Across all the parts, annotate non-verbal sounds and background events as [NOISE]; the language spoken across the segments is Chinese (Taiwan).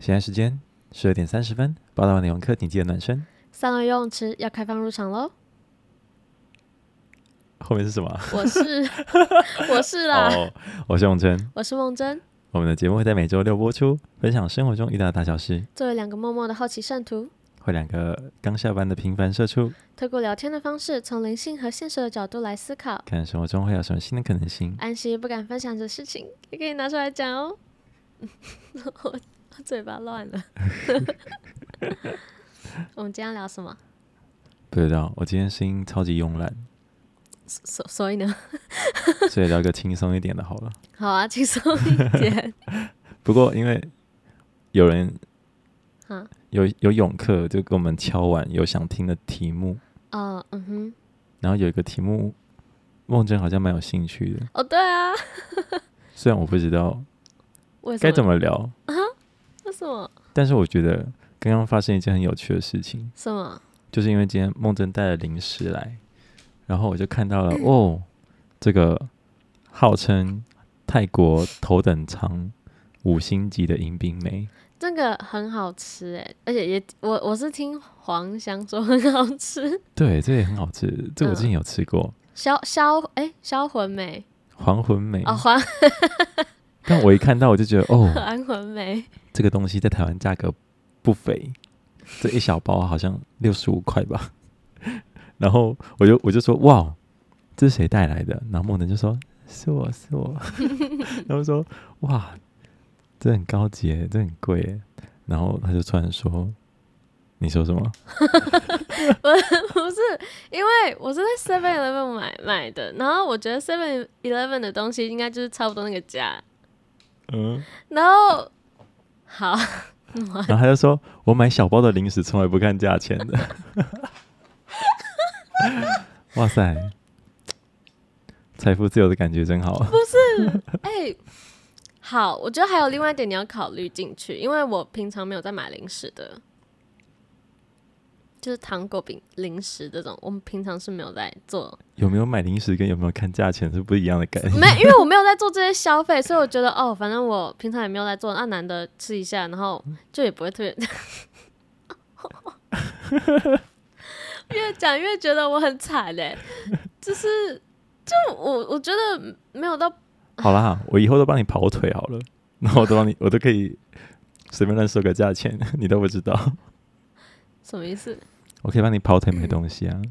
現在時間十二點三十分，報道內容客廳記得暖身。三樓游泳池要開放入場嘍！後面是什麼？ [LAUGHS] 我是，我是啦，oh, 我是夢真，我是夢真。我們的節目會在每周六播出，分享生活中遇到的大小事。作為兩個默默的好奇聖徒，會兩個剛下班的平凡社畜，透過聊天的方式，從靈性和現實的角度來思考，看生活中會有什麼新的可能性。安息不敢分享的事情，也可以拿出來講哦。 [LAUGHS] 嘴巴亂了， [LAUGHS] [LAUGHS] 我們今天聊什麼？不知道，我今天聲音超級慵懶，所所以呢， [LAUGHS] 所以聊個輕鬆一點的好了。好啊，輕鬆一點。 [LAUGHS] 不過因為有人有，有有泳客就跟我們敲完有想聽的題目。啊，嗯哼。然後有一個題目，孟真好像蠻有興趣的。哦，對啊， [LAUGHS] 雖然我不知道該怎麼聊。為什麼？但是我覺得剛剛發生一件很有趣的事情。什麼？就是因為今天夢真帶了零食來，然後我就看到了 [COUGHS] 哦，這個號稱泰國頭等艙五星級的迎賓梅，這個很好吃哎、欸，而且也我我是聽黃香說很好吃，對，這也很好吃，這個、我之前有吃過。消消哎，消、欸、魂美，還魂美。啊、哦 [LAUGHS] 但我一看到我就覺得哦，這個東西在台灣價格不菲，這一小包好像六十五塊吧。 [LAUGHS] 然後我就我就說哇，這是誰帶來的？然後夢能就說，是我是我。 [LAUGHS] 然後說哇，這很高級誒，這很貴誒，然後他就突然說，你說什麼？不是，不是，因為我是在 Seven Eleven 買買的。然後我覺得 Seven Eleven 的東西應該就是差不多那個價。嗯，然後好， [LAUGHS] 然後他就說：“我買小包的零食從來不看價錢的。 [LAUGHS] ”哇塞，財富自由的感覺真好啊！不是，哎，好，我覺得還有另外一點你要考慮進去，因為我平常沒有在買零食的。就是糖果餅、零食這種，我們平常是沒有在做。有沒有買零食跟有沒有看價錢是不一樣的感覺？沒，因為我沒有在做這些消費， [LAUGHS] 所以我覺得哦，反正我平常也沒有在做。那、啊、難得吃一下，然後就也不會特別。越講越覺得我很慘嘞，就是就我我覺得沒有到。 [LAUGHS] 好啦，我以後都幫你跑腿好了，然後我都幫你， [LAUGHS] 我都可以隨便亂收個價錢，你都不知道 [LAUGHS] 什麼意思。我可以幫你跑腿買東西啊。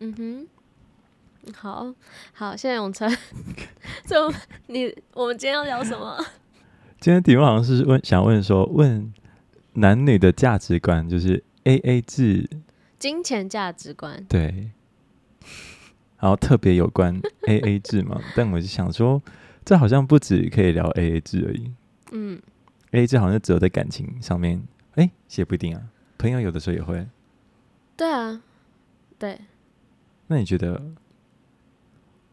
嗯哼，好好，現在泳辰，就你，我們今天要聊什麼？今天題目好像是問，想問說，問男女的價值觀，就是 A A 制，金錢價值觀，對。然後特別有關 A A 制嘛，但我是想說，這好像不止可以聊 A A 制而已。嗯，A A 制好像只有在感情上面，哎、欸，也不一定啊，朋友有的時候也會。對啊，對。那你覺得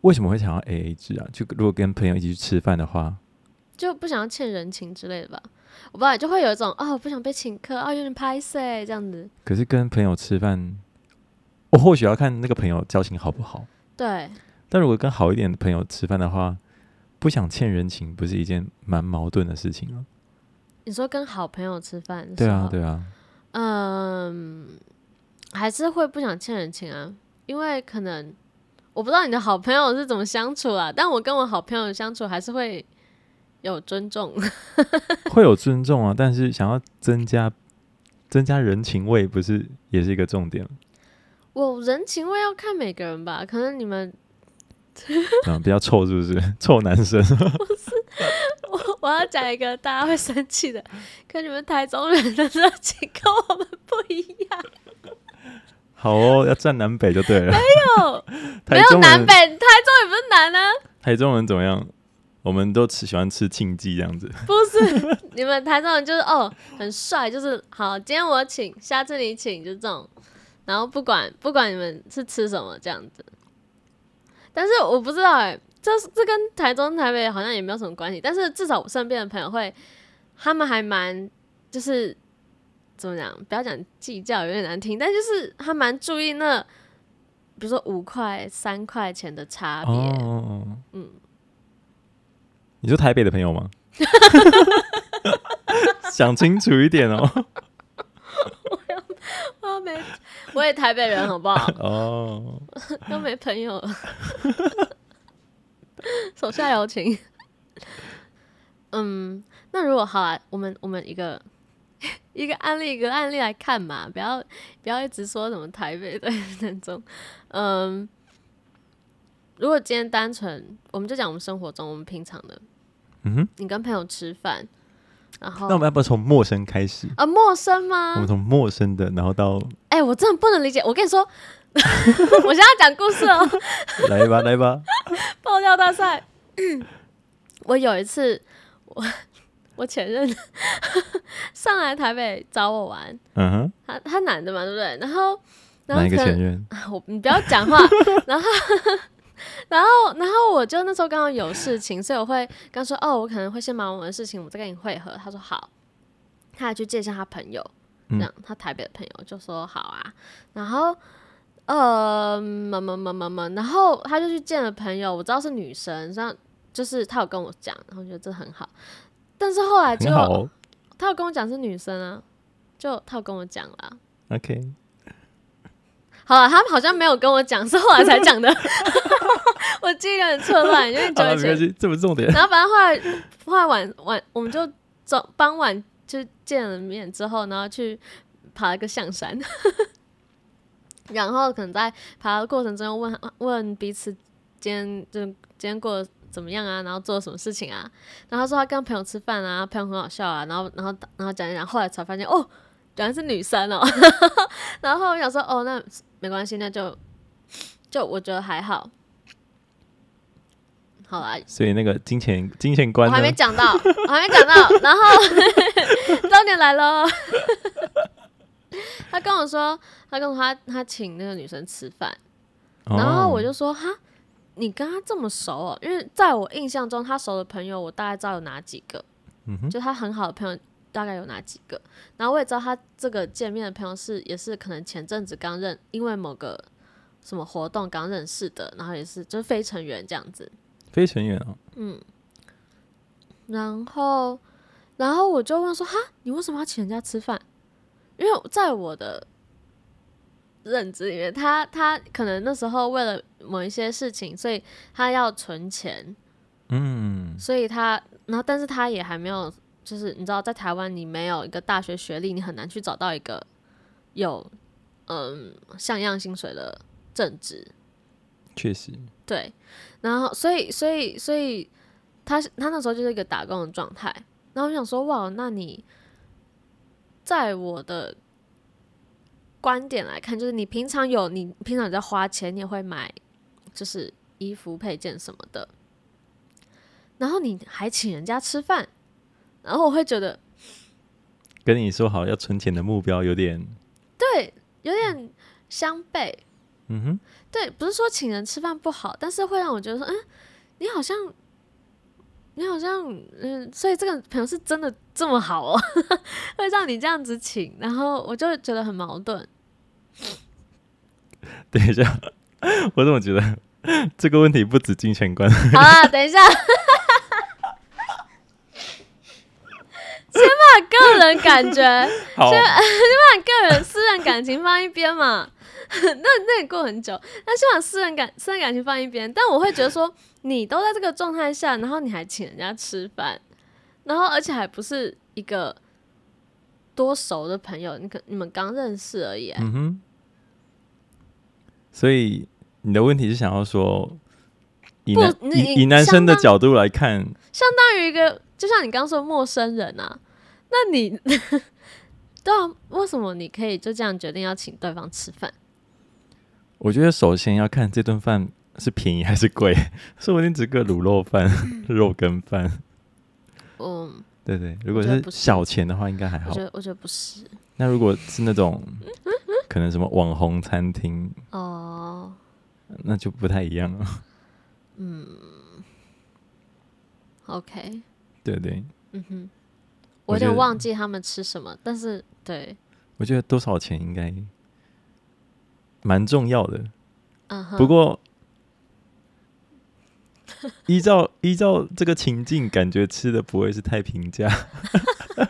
為什麼會想要 AA 制啊？就如果跟朋友一起去吃飯的話，就不想要欠人情之類的吧？我不知道，就會有一種哦，不想被請客，哦，有點 pity 這樣子。可是跟朋友吃飯，我或許要看那個朋友交情好不好。對。但如果跟好一點的朋友吃飯的話，不想欠人情，不是一件蠻矛盾的事情嗎？你說跟好朋友吃飯的？對啊，對啊。嗯。還是會不想欠人情啊，因為可能我不知道你的好朋友是怎麼相處啊。但我跟我好朋友相處還是會有尊重，會有尊重啊。但是想要增加增加人情味，不是也是一個重點？我人情味要看每個人吧，可能你們、嗯、比較臭是不是？ [LAUGHS] 臭男生？ [LAUGHS] 不是，我我要講一個大家會生氣的，可你們台中人的熱情跟我們不一樣。好哦，要站南北就對了。 [LAUGHS] 沒有，沒有南北，台中也不是南呢、啊？台中人怎麼樣？我們都只喜歡吃慶記這樣子。不是，你們台中人就是 [LAUGHS] 哦，很帥，就是好。今天我請，下次你請，就這種。然後不管不管你們是吃什麼這樣子。但是我不知道哎、欸，這、就是、這跟台中台北好像也沒有什麼關係。但是至少我身邊的朋友會，他們還蠻就是。怎麼講？不要講計較，有點難聽。但就是還蠻注意那，比如說五塊、三塊錢的差別。Oh. 嗯，你是台北的朋友嗎？ [LAUGHS] [LAUGHS] [LAUGHS] 想清楚一點哦 [LAUGHS] 我。我要沒我也台北人，好不好？哦，oh. [LAUGHS] 又沒朋友了。 [LAUGHS] 手下留情。 [LAUGHS] 嗯，那如果好啊，我們我們一個。一個案例一個案例來看嘛，不要不要一直說什麼台北的那種，嗯，如果今天單純，我們就講我們生活中我們平常的，嗯哼，你跟朋友吃飯，然後那我們要不要從陌生開始啊？陌生嗎？我們從陌生的，然後到，哎、欸，我真的不能理解，我跟你說， [LAUGHS] [LAUGHS] 我現在要講故事哦 [LAUGHS] [LAUGHS] ，來吧來吧， [LAUGHS] 爆料大賽， [COUGHS] 我有一次我。我前任 [LAUGHS] 上來台北找我玩，uh huh. 他他男的嘛，對不對？然後然後哪一個前任？我 [LAUGHS] 你不要講話。 [LAUGHS] 然後 [LAUGHS] 然後然後我就那時候剛好有事情，所以我會跟他說：“哦，我可能會先忙完我的事情，我再跟你會合。他說好”他說：“好。”他去見一下他朋友，嗯、這樣他台北的朋友就說：“好啊。”然後呃，麼麼麼麼麼，然後他就去見了朋友，我知道是女生，這樣就是他有跟我講，然後我覺得這很好。但是後來就，哦、他有跟我講是女生啊，就他有跟我講了。OK，好了，他們好像沒有跟我講，是後來才講的。 [LAUGHS] [LAUGHS] 我記憶有點混亂，有點糾結。因為覺得這不是重點。然後反正後來，後來晚晚，我們就走，傍晚就見了面之後，然後去爬了個象山。 [LAUGHS] 然後可能在爬的過程中問問彼此間就見過怎麼樣啊？然後做了什麼事情啊？然後他說他跟朋友吃飯啊，朋友很好笑啊。然後，然後，然後講一講，後，後來才發現哦，原來是女生哦。 [LAUGHS] 然後我想說哦，那沒關係，那就就我覺得還好，好啦，所以那個金錢金錢觀，我還沒講到，我還沒講到。 [LAUGHS] 然後重 [LAUGHS] 點來了， [LAUGHS] 他跟我說，他跟我他他請那個女生吃飯，哦、然後我就說哈。你跟他這麼熟喔，因為在我印象中，他熟的朋友我大概知道有哪幾個，嗯哼，就他很好的朋友大概有哪幾個，然後我也知道他這個見面的朋友是也是可能前陣子剛認，因為某個什麼活動剛認識的，然後也是就是非成員這樣子，非成員啊，嗯，然後然後我就問說哈，你為什麼要請人家吃飯？因為在我的。認知裡面，他他可能那時候為了某一些事情，所以他要存錢，嗯，所以他然後，但是他也還沒有，就是你知道，在台灣，你沒有一個大學學歷，你很難去找到一個有嗯像樣薪水的正職，確實，對，然後所以所以所以他他那時候就是一個打工的狀態，然後我想說，哇，那你在我的。觀點來看，就是你平常有你平常在花錢，你也會買，就是衣服配件什麼的，然後你還請人家吃飯，然後我會覺得跟你說好要存錢的目標有點，對，有點相悖。嗯哼，對，不是說請人吃飯不好，但是會讓我覺得說，嗯，你好像。你好像嗯，所以這個朋友是真的這麼好？哦呵呵，會讓你這樣子請，然後我就覺得很矛盾。等一下，我怎麼覺得這個問題不止金錢觀？好了，啊，等一下， [LAUGHS] 先把個人感覺， [LAUGHS] 好先把個人私人感情放一邊嘛。那那也過很久，那先把私人感私人感情放一邊，但我會覺得說。你都在這個狀態下，然後你還請人家吃飯，然後而且還不是一個多熟的朋友，你可你們剛認識而已，欸。嗯哼。所以你的問題是想要說，以以以男生的角度來看，相當於一個就像你剛說的陌生人啊，那你，對，為什麼你可以就這樣決定要請對方吃飯？我覺得首先要看這頓飯。是便宜還是貴？說不定只夠滷肉飯、肉羹飯？嗯，對對，如果是小錢的話，應該還好。我覺得，我覺得不是。那如果是那種可能什麼網紅餐廳哦，那就不太一樣了。嗯，OK。對對。嗯哼，我有點忘記他們吃什麼，但是對，我覺得多少錢應該蠻重要的。嗯，不過。依照依照這個情境，感覺吃的不會是太平價。 [LAUGHS]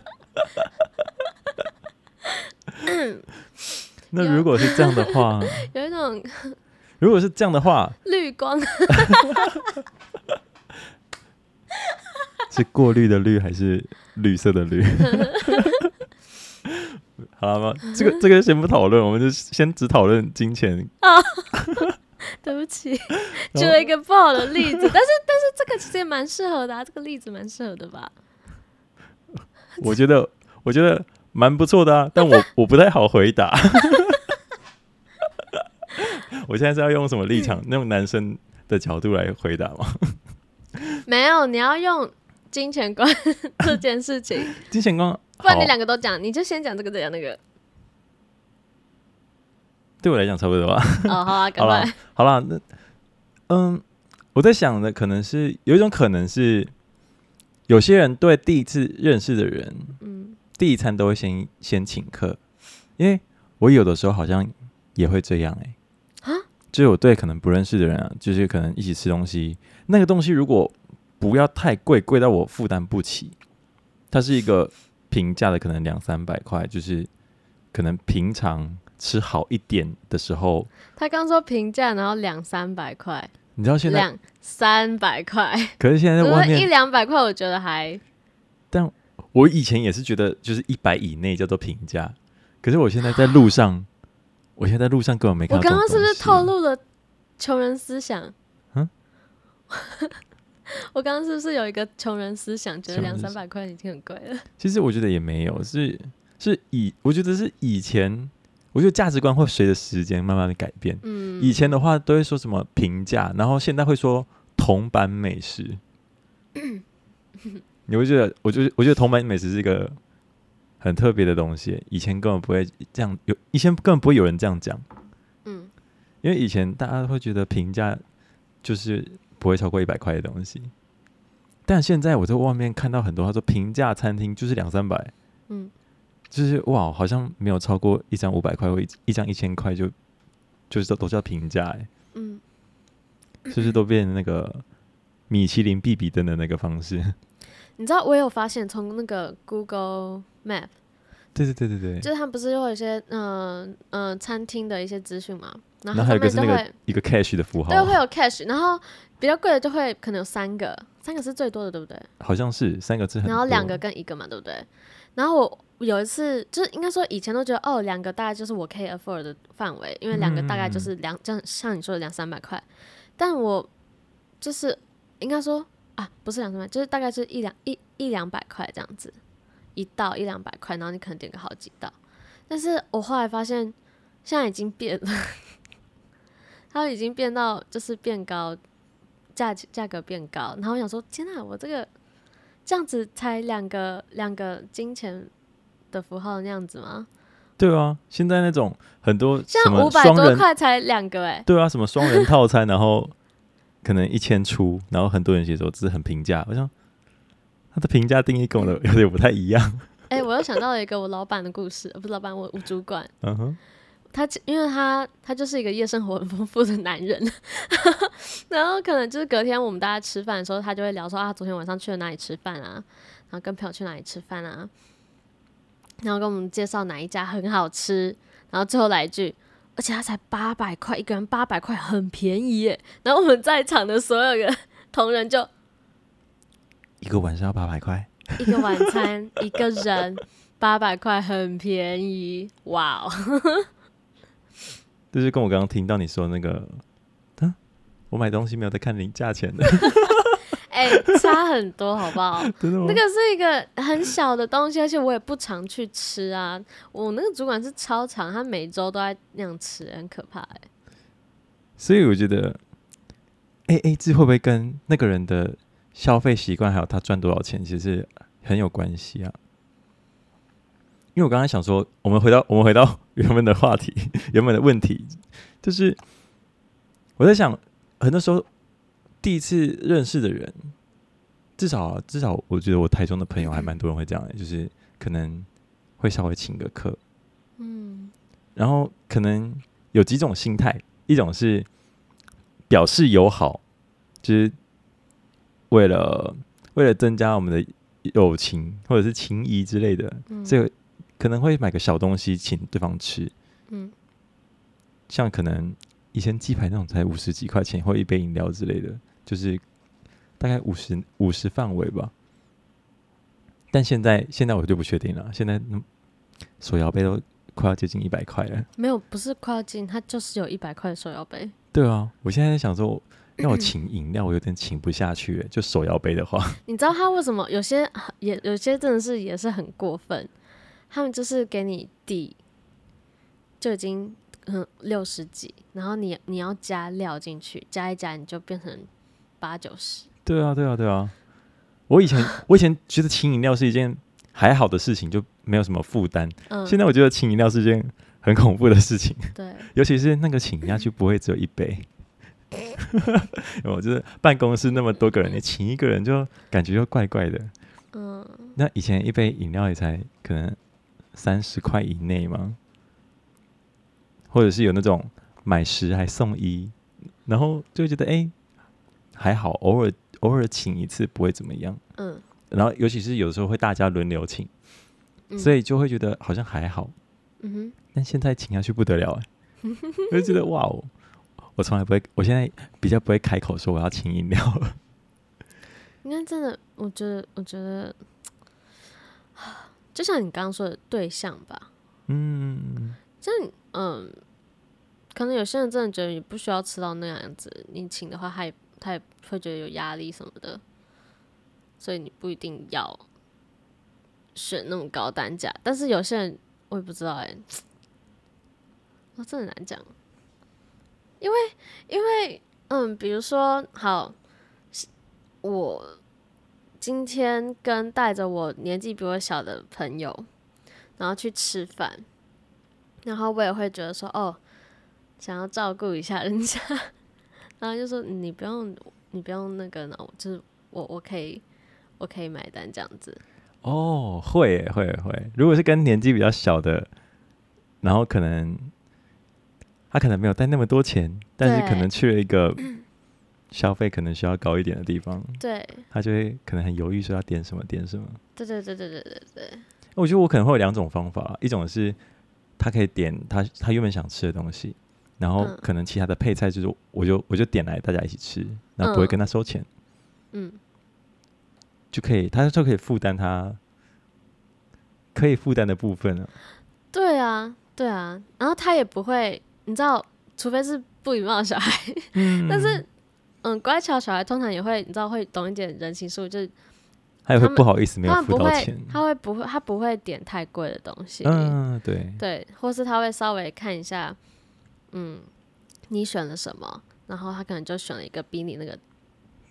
嗯， [LAUGHS] 那如果是這樣的話，有，有一種，如果是這樣的話，綠光， [LAUGHS] [LAUGHS] 是過濾的綠還是綠色的綠？ [LAUGHS] 好了嗎？這個這個先不討論，我們就先只討論金錢。哦 [LAUGHS] 對不起，舉了一個不好的例子，後但是但是這個其實也蠻適合的，啊。這個例子蠻適合的吧？我覺得我覺得蠻不錯的啊，但我、哦、我不太好回答。 [LAUGHS] [LAUGHS] 我現在是要用什麼立場？嗯、那種男生的角度來回答嗎？沒有，你要用金錢觀 [LAUGHS] 這件事情。金錢觀，不然你兩個都講，好你就先講這個，再講那個。對我來講差不多吧。哦好啊，好了好了，那嗯，我在想的可能是有一種可能是有些人對第一次認識的人，嗯、第一餐都會先先請客，因為我有的時候好像也會這樣哎、欸，所蛤就是我對可能不認識的人啊，就是可能一起吃東西，那個東西如果不要太貴，貴到我負擔不起，它是一個平價的，可能兩三百塊，就是可能平常。吃好一點的時候，他剛說平價，然後兩三百塊，你知道現在兩三百塊，可是現在外面一兩百塊，我覺得還。但我以前也是覺得，就是一百以內叫做平價。可是我現在在路上， [LAUGHS] 我現在在路上根本沒看。我剛剛是不是透露了窮人思想？嗯， [LAUGHS] 我剛剛是不是有一個窮人思想，覺得兩三百塊已經很貴了？其實我覺得也沒有，是是以我覺得是以前。我覺得價值觀會隨着時間慢慢的改變。嗯、以前的話都會說什麼平價，然後現在會說銅板美食。嗯、 [LAUGHS] 你會覺得，我覺得，我覺得銅板美食是一個很特別的東西。以前根本不會這樣，有以前根本不會有人這樣講。嗯，因為以前大家會覺得平價就是不會超過一百塊的東西，但現在我在外面看到很多，他說平價餐廳就是兩三百。嗯就是哇，好像沒有超過一張五百塊或一一張一千塊就，就是都都叫平價、欸、嗯，是不是都變那個米其林必 [LAUGHS] 比登的那個方式？你知道我有發現，從那個 Google Map，對對對對對，就是他們不是會有一些嗯嗯、呃呃、餐廳的一些資訊嘛，然後然後還有個是那個會一個 cash 的符號、啊，對，會有 cash，然後比較貴的就會可能有三個，三個是最多的，對不對？好像是三個字，然後兩個跟一個嘛，對不對？然後我有一次就是應該說，以前都覺得哦，兩個大概就是我可以 afford 的範圍，因為兩個大概就是兩像像你說的兩三百塊，但我就是應該說啊不是兩三百，就是大概是一兩一一兩百塊這樣子，一道一兩百塊，然後你可能點個好幾道，但是我後來發現現在已經變了，他已經變到就是變高價價格變高，然後我想說天哪，我這個。這樣子才兩個兩個金錢的符號的那樣子嗎？對啊，現在那種很多像五百多塊才兩個哎、欸，對啊，什麼雙人套餐， [LAUGHS] 然後可能一千出，然後很多人其實說只是很平價，我想他的平價定義跟我的有點不太一樣。哎、欸，我又想到了一個我老闆的故事， [LAUGHS] 不是老闆，我我主管。嗯哼、uh。Huh. 他因為他他就是一個夜生活很豐富的男人呵呵，然後可能就是隔天我們大家吃飯的時候，他就會聊說他、啊、昨天晚上去了哪裡吃飯啊，然後跟朋友去哪裡吃飯啊，然後跟我們介紹哪一家很好吃，然後最後來一句，而且他才八百塊一個人，八百塊很便宜耶。然後我們在場的所有人同仁就一個晚上要八百塊，一個晚餐 [LAUGHS] 一個人八百塊很便宜，哇哦。呵呵就是跟我剛剛聽到你說的那個，嗯、啊，我買東西沒有在看你價錢的，哎、 [LAUGHS] 欸，差很多，好不好？ [LAUGHS] 那個是一個很小的東西，而且我也不常去吃啊。我那個主管是超常，他每周都在那樣吃，很可怕誒、欸，所以我覺得，AA 制會不會跟那個人的消費習慣還有他賺多少錢，其實很有關係啊。因為我剛才想說，我們回到我們回到原本的話題，原本的問題，就是我在想，很多時候第一次認識的人，至少、啊、至少，我覺得我台中的朋友還蠻多人會這樣、欸，就是可能會稍微請個客，嗯，然後可能有幾種心態，一種是表示友好，就是為了為了增加我們的友情或者是情誼之類的，這個、嗯。可能會買個小東西請對方吃，嗯，像可能以前雞排那種才五十幾塊錢，或一杯飲料之類的，就是大概五十五十範圍吧。但現在現在我就不確定了，現在、嗯、手搖杯都快要接近一百塊了。沒有，不是快要接，它就是有一百塊的手搖杯。對啊，我現在在想說，要我請飲料，我有點請不下去、欸， [COUGHS] 就手搖杯的話。你知道他為什麼有些也有些真的是也是很過分？他們就是給你遞，就已經、嗯、六十幾，然後你你要加料進去，加一加你就變成八九十。對啊，對啊，對啊！我以前 [LAUGHS] 我以前覺得請飲料是一件還好的事情，就沒有什麼負擔。嗯、現在我覺得請飲料是件很恐怖的事情。對，尤其是那個請下去不會只有一杯，我、嗯、 [LAUGHS] 就是辦公室那麼多個人，你請一個人就感覺就怪怪的。嗯，那以前一杯飲料也才可能。三十塊以內嗎？或者是有那種買十還送一，然後就會覺得哎、欸，還好，偶爾偶爾請一次不會怎麼樣。嗯，然後尤其是有時候會大家輪流請，嗯、所以就會覺得好像還好。嗯哼，但現在請下去不得了哎， [LAUGHS] 我就覺得哇哦，我從來不會，我現在比較不會開口說我要請飲料了。應該真的，我覺得，我覺得。就像你剛剛說的對象吧，嗯，這嗯，可能有些人真的覺得你不需要吃到那樣子，你請的話，他也他也會覺得有壓力什麼的，所以你不一定要選那麼高單價，但是有些人我也不知道哎、欸，我真的難講，因為因為嗯，比如說好，我。今天跟帶着我年紀比我小的朋友，然後去吃飯，然後我也會覺得說哦，想要照顧一下人家，然後就說，嗯，你不用，你不用那個呢，就是我我可以，我可以買單這樣子。哦，會會會，如果是跟年紀比較小的，然後可能他可能沒有帶那麼多錢，但是可能去了一個。消費可能需要高一點的地方，對，他就會可能很猶豫說要點什麼點什麼。對，對對對對對對對。我覺得我可能會有兩種方法，一種是他可以點他他原本想吃的東西，然後可能其他的配菜就是我就我就點來大家一起吃，然後不會跟他收錢，嗯，就可以他就可以負擔他可以負擔的部分了，啊。對啊對啊，然後他也不會你知道，除非是不禮貌的小孩，嗯，但是。嗯，乖巧小孩通常也會，你知道，會懂一點人情世故，就是他也會不好意思沒有他不會，他會不會，他不會點太貴的東西，嗯、啊，對對，或是他會稍微看一下，嗯，你選了什麼，然後他可能就選了一個比你那個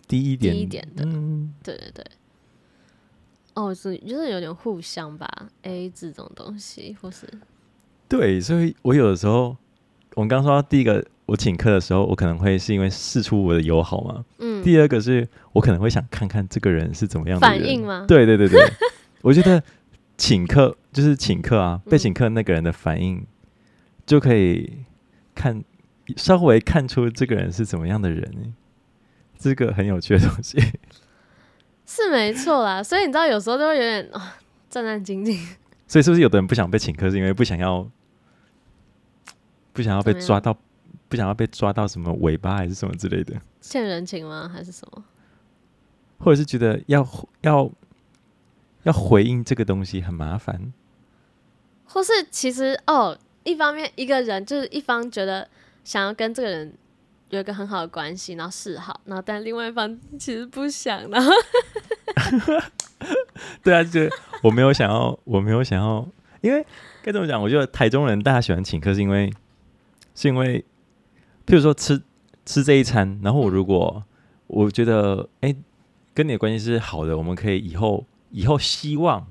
低一點、的、嗯，對對對，哦，是就是有點互相吧，AA 制這種東西，或是對，所以我有的時候，我們剛說到第一個。我請客的時候，我可能會是因為試出我的友好嘛。嗯。第二個是我可能會想看看這個人是怎麼樣的人反應嗎？對對對對， [LAUGHS] 我覺得請客就是請客啊，被請客那個人的反應、嗯、就可以看稍微看出這個人是怎麼樣的人，這個很有趣的東西。 [LAUGHS] 是沒錯啦，所以你知道有時候都會有點戰戰兢兢。哦、正正經經。所以是不是有的人不想被請客，是因為不想要不想要被抓到？不想要被抓到什麼尾巴還是什麼之類的，欠人情嗎？還是什麼？或者是覺得要要要回應這個東西很麻煩？或是其實哦，一方面一個人就是一方覺得想要跟這個人有一個很好的關係，然後示好，然後但另外一方其實不想，然後 [LAUGHS] [LAUGHS] 對啊，就我沒有想要， [LAUGHS] 我沒有想要，因為該怎麼講？我覺得台中人大家喜歡請客是，是因為是因為。譬如說吃吃這一餐，然後我如果我覺得哎、欸、跟你的關係是好的，我們可以以後以後希望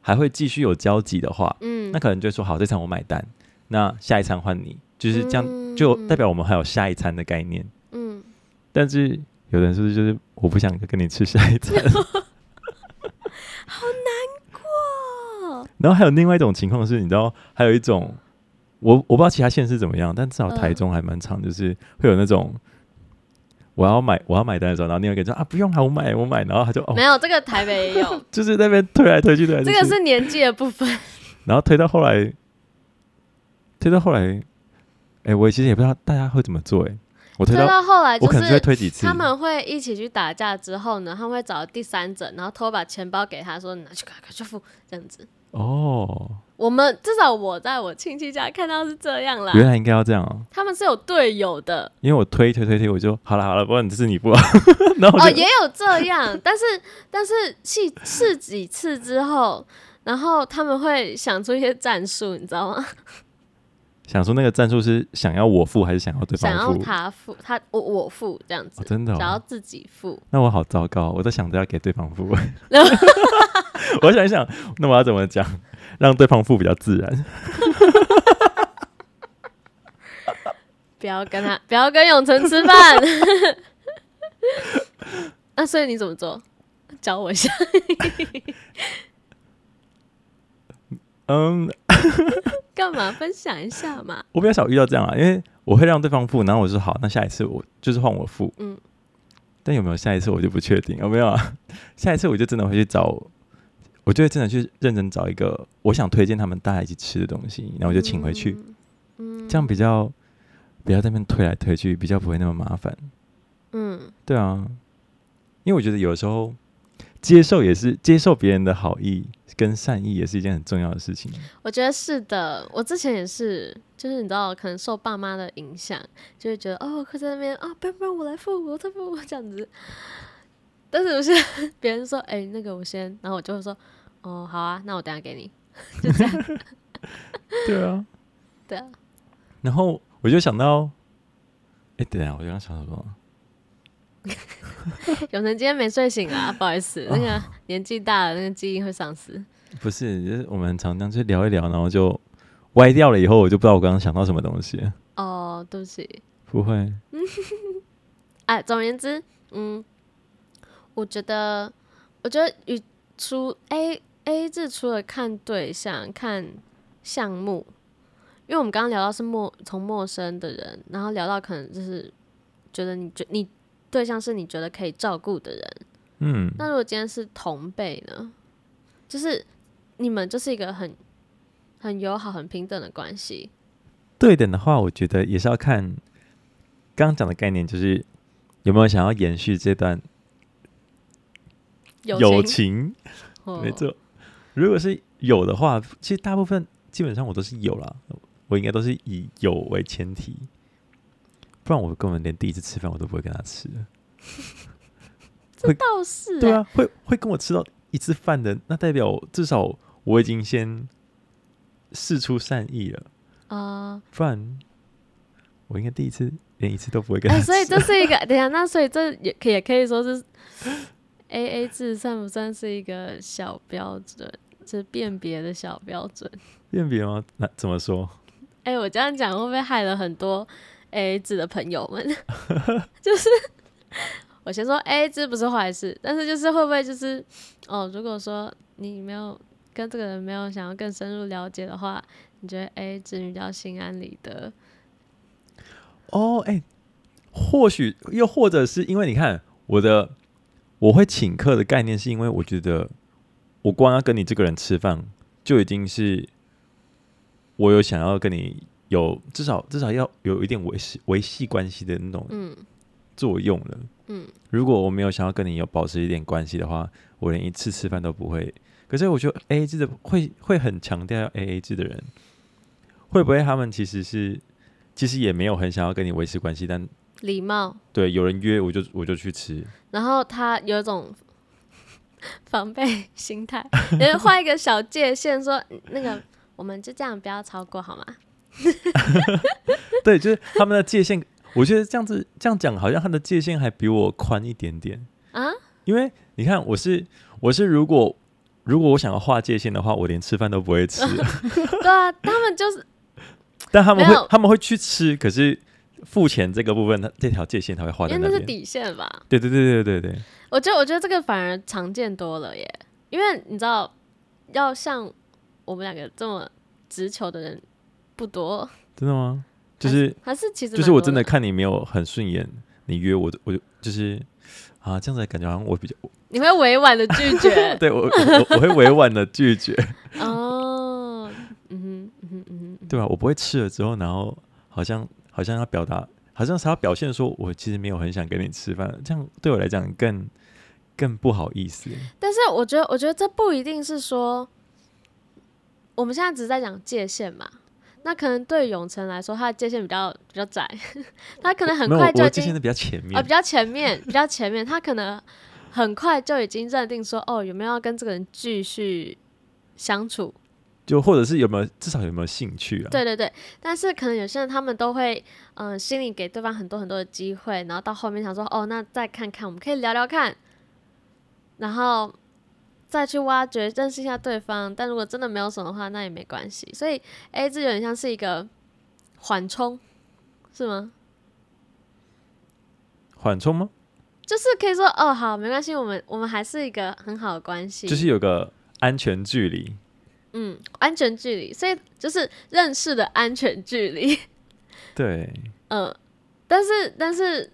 還會繼續有交集的話，嗯，那可能就說好，這餐我買單，那下一餐換你，就是這樣，嗯，就代表我們還有下一餐的概念，嗯。但是有的人是不是就是我不想跟你吃下一餐，No! [LAUGHS] 好難過。然後還有另外一種情況是，你知道還有一種。我我不知道其他縣是怎麼樣，但至少台中還蠻常，呃、就是會有那種我要買我要買單的時候，然後另外一個人說啊不用了、啊，我買我買，然後他就、哦、沒有這個台北也有， [LAUGHS] 就是那邊推來推去的、就是。這個是年紀的部分 [LAUGHS] ，然後推到後來推到後來，哎、欸，我其實也不知道大家會怎麼做、欸，哎，我推到,推到後來、就是、我可能就會推幾次，他們會一起去打架之後呢，他們會找第三者，然後偷把錢包給他說拿去拿去付這樣子哦。我們至少我在我親戚家看到是這樣啦，原來應該要這樣哦、喔。他們是有隊友的，因為我推推推推，我就好了好了，不然這是你付啊。 [LAUGHS] 哦，也有這樣， [LAUGHS] 但是但是去試幾次之後，然後他們會想出一些戰術，你知道嗎？想出那個戰術是想要我付還是想要對方付？想要他付，他我我付這樣子，哦、真的、哦、想要自己付。那我好糟糕，我都想着要給對方付、欸。 [LAUGHS] [LAUGHS] 我想一想，那我要怎麼講？讓對方付比較自然， [LAUGHS] [LAUGHS] 不要跟他，不要跟泳辰吃飯。 [LAUGHS] [LAUGHS] [LAUGHS] 那所以你怎麼做？找我一下。 [LAUGHS] 嗯，幹 [LAUGHS] 嘛？分享一下嘛。我比較少遇到這樣啊，因為我會讓對方付，然後我說好，那下一次我就是換我付。嗯。但有沒有下一次我就不確定有沒有啊？下一次我就真的會去找。我就會真的去認真找一個我想推薦他們大家一起吃的東西，然後我就請回去，嗯，嗯，這樣比較不要在那邊推來推去，比較不會那麼麻煩，嗯，對啊，因為我覺得有時候接受也是接受別人的好意跟善意，也是一件很重要的事情。我覺得是的，我之前也是，就是你知道，可能受爸媽的影響，就會覺得哦，會在那邊啊，哦，不要不要，我來付，我來付，我這樣子。但是有些別人說，哎，欸，那個我先，然後我就會說。哦，好啊，那我等下給你，就這樣。 [LAUGHS] 對啊， [LAUGHS] 對啊。對啊，然後我就想到，哎，對啊，我剛剛想到什麼？泳辰 [LAUGHS] 今天沒睡醒啊， [LAUGHS] 不好意思，哦、那個年紀大了，那個記憶會喪失。不是，就是我們常常去聊一聊，然後就歪掉了。以後我就不知道我剛剛想到什麼東西。哦，對不起。不會。 [LAUGHS] 哎，總而言之，嗯，我覺得，我覺得語出哎。哎，這除了看對象、看項目，因為我們剛剛聊到是陌從陌生的人，然後聊到可能就是覺得你覺你對象是你覺得可以照顧的人，嗯。那如果今天是同輩呢？就是你們就是一個很很友好、很平等的關係。對等的，的話，我覺得也是要看剛剛講的概念，就是有沒有想要延續這段友情，友情 [LAUGHS] 沒錯。Oh. 如果是有的話，其實大部分基本上我都是有啦，我應該都是以有為前提，不然我根本連第一次吃飯我都不會跟他吃。 [LAUGHS] 這倒是、欸，對啊，會會跟我吃到一次飯的，那代表至少我已經先釋出善意了啊，嗯、不然我應該第一次連一次都不會跟他吃、欸。所以這是一個，對啊，那所以這也也可以說是 A A 制算不算是一個小標準？是辨別的小標準，辨別嗎？那怎麼說？哎、欸，我這樣講會不會害了很多 AA 制的朋友們？ [LAUGHS] 就是我先說，AA 制不是壞事，但是就是會不會就是哦？如果說你沒有跟這個人沒有想要更深入了解的話，你覺得 AA 制比較心安理得？哦，哎、欸，或許又或者是因為你看我的，我會請客的概念是因為我覺得。我光要跟你這個人吃飯，就已經是，我有想要跟你有至少至少要有一點維繫維繫關係的那種作用了。嗯，嗯，如果我沒有想要跟你有保持一點關係的話，我連一次吃飯都不會。可是我覺得 AA 制的，會會很強調 AA 制的人，會不會他們其實是其實也沒有很想要跟你維持關係？但禮貌對，有人約我就我就去吃，然後他有一種。防備心態，因為畫一個小界限說，說 [LAUGHS] 那個我們就這樣，不要超過好嗎？ [LAUGHS] [LAUGHS] 對，就是他們的界限。我覺得這樣子這樣講，好像他的界限還比我寬一點點啊。因為你看，我是我是如果如果我想要畫界限的話，我連吃飯都不會吃。啊 [LAUGHS] 對啊，他們就是， [LAUGHS] 但他們會有他們會去吃，可是付錢這個部分，他這條界限他會畫在那邊，那是底線吧？對，對對對對對對。我覺得，我覺得這個反而常見多了耶，因為你知道，要像我們兩個這麼直球的人不多。真的嗎？就是還是其實就是我真的看你沒有很順眼，你約我，我就就是啊，這樣子的感覺好像我比較你會委婉的拒絕， [LAUGHS] 對我我，我會委婉的拒絕哦，嗯哼嗯哼嗯哼，對吧，啊，我不會吃了之後，然後好像好像要表達。好像他表現說，我其實沒有很想跟你吃飯，這樣對我來講更更不好意思。但是我覺得，我覺得這不一定是說，我們現在只是在講界限嘛。那可能對泳辰來說，他的界限比較比較窄， [LAUGHS] 他可能很快就已經的界限比較前面，啊、哦，比較前面，比較前面，他可能很快就已經認定說， [LAUGHS] 哦，有沒有要跟這個人繼續相處？就或者是有沒有，至少有沒有興趣啊？對對對，但是可能有些人他們都會嗯、呃，心裡給對方很多很多的機會，然後到後面想說，哦，那再看看，我們可以聊聊看，然後再去挖掘認識一下對方。但如果真的沒有什麼的話，那也沒關係。所以 A 這有點像是一個緩衝，是嗎？緩衝嗎？就是可以說哦，好，沒關係，我們我們還是一個很好的關係，就是有個安全距離。嗯，安全距離，所以就是認識的安全距離。對。嗯、呃，但是但是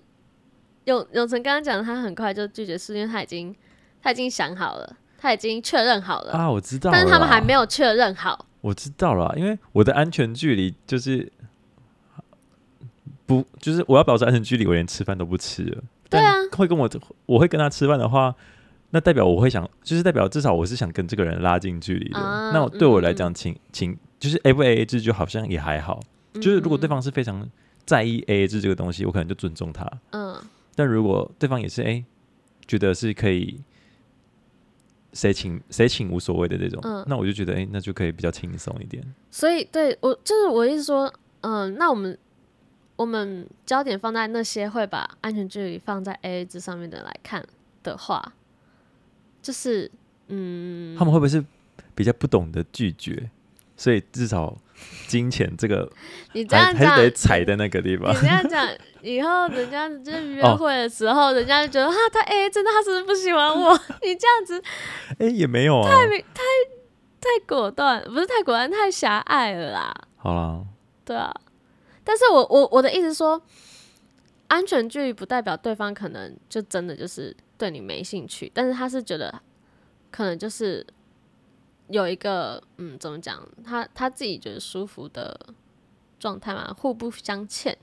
泳泳辰剛剛講，他很快就拒絕是，因為他已經他已經想好了，他已經確認好了。啊，我知道，但是他們還沒有確認好。我知道了啦，因為我的安全距離就是不，就是我要保持安全距離，我連吃飯都不吃。對啊，但會跟我我會跟他吃飯的話，那代表我會想，就是代表至少我是想跟這個人拉近距離的。啊、那對我來講，嗯、請請就是、F、AA 制，就好像也還好。嗯、就是如果對方是非常在意 AA 制這個東西，我可能就尊重他。嗯。但如果對方也是哎、欸，覺得是可以誰請誰請無所謂的那種，嗯、那我就覺得哎、欸，那就可以比較輕鬆一點。所以對，對我就是我意思說，嗯、呃，那我們我們焦點放在那些會把安全距離放在 AA 制上面的來看的話。就是，嗯，他們會不會是比較不懂得拒絕，所以至少金錢這個， [LAUGHS] 你這樣講得踩在那個地方。你這樣講，以後人家就是約會的時候，哦、人家就覺得啊，他哎、欸，真的他是不喜歡我。 [LAUGHS] 你這樣子，哎、欸，也沒有啊，太沒太太果斷，不是太果斷，太狹隘了啦。好啦，好啊對啊，但是我我我的意思說，安全距離不代表對方可能就真的就是。對你沒興趣，但是他是覺得可能就是有一個嗯，怎麼講，他他自己覺得舒服的狀態嘛，互不相欠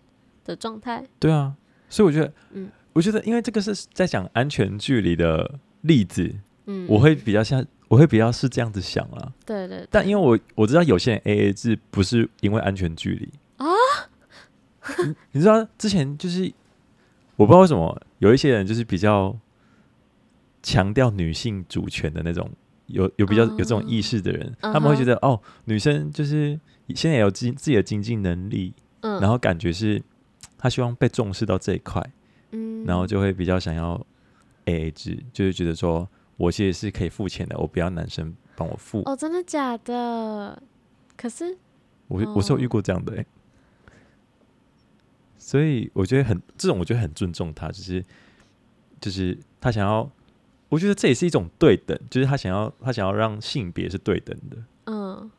的狀態。對啊，所以我覺得，嗯，我覺得因為這個是在講安全距離的例子，嗯，我會比較像，我會比較是這樣子想了。對對對，但因為我我知道有些人 AA 制不是因為安全距離啊 [LAUGHS] 你，你知道之前就是我不知道為什麼有一些人就是比較。強調女性主權的那種，有有比較有這種意識的人，uh huh. uh huh. 他們會覺得哦，女生就是現在也有經自己的經濟能力，嗯、uh，huh. 然後感覺是她希望被重視到這一塊，嗯、uh，huh. 然後就會比較想要 AA 制，就是覺得說我其實是可以付錢的，我不要男生幫我付。哦、uh，真的假的？可是我我是有遇過這樣的、欸，uh huh. 所以我覺得很這種，我覺得很尊重他，就是就是他想要。我覺得這也是一種對等，就是他想要他想要讓性別是對等的，嗯，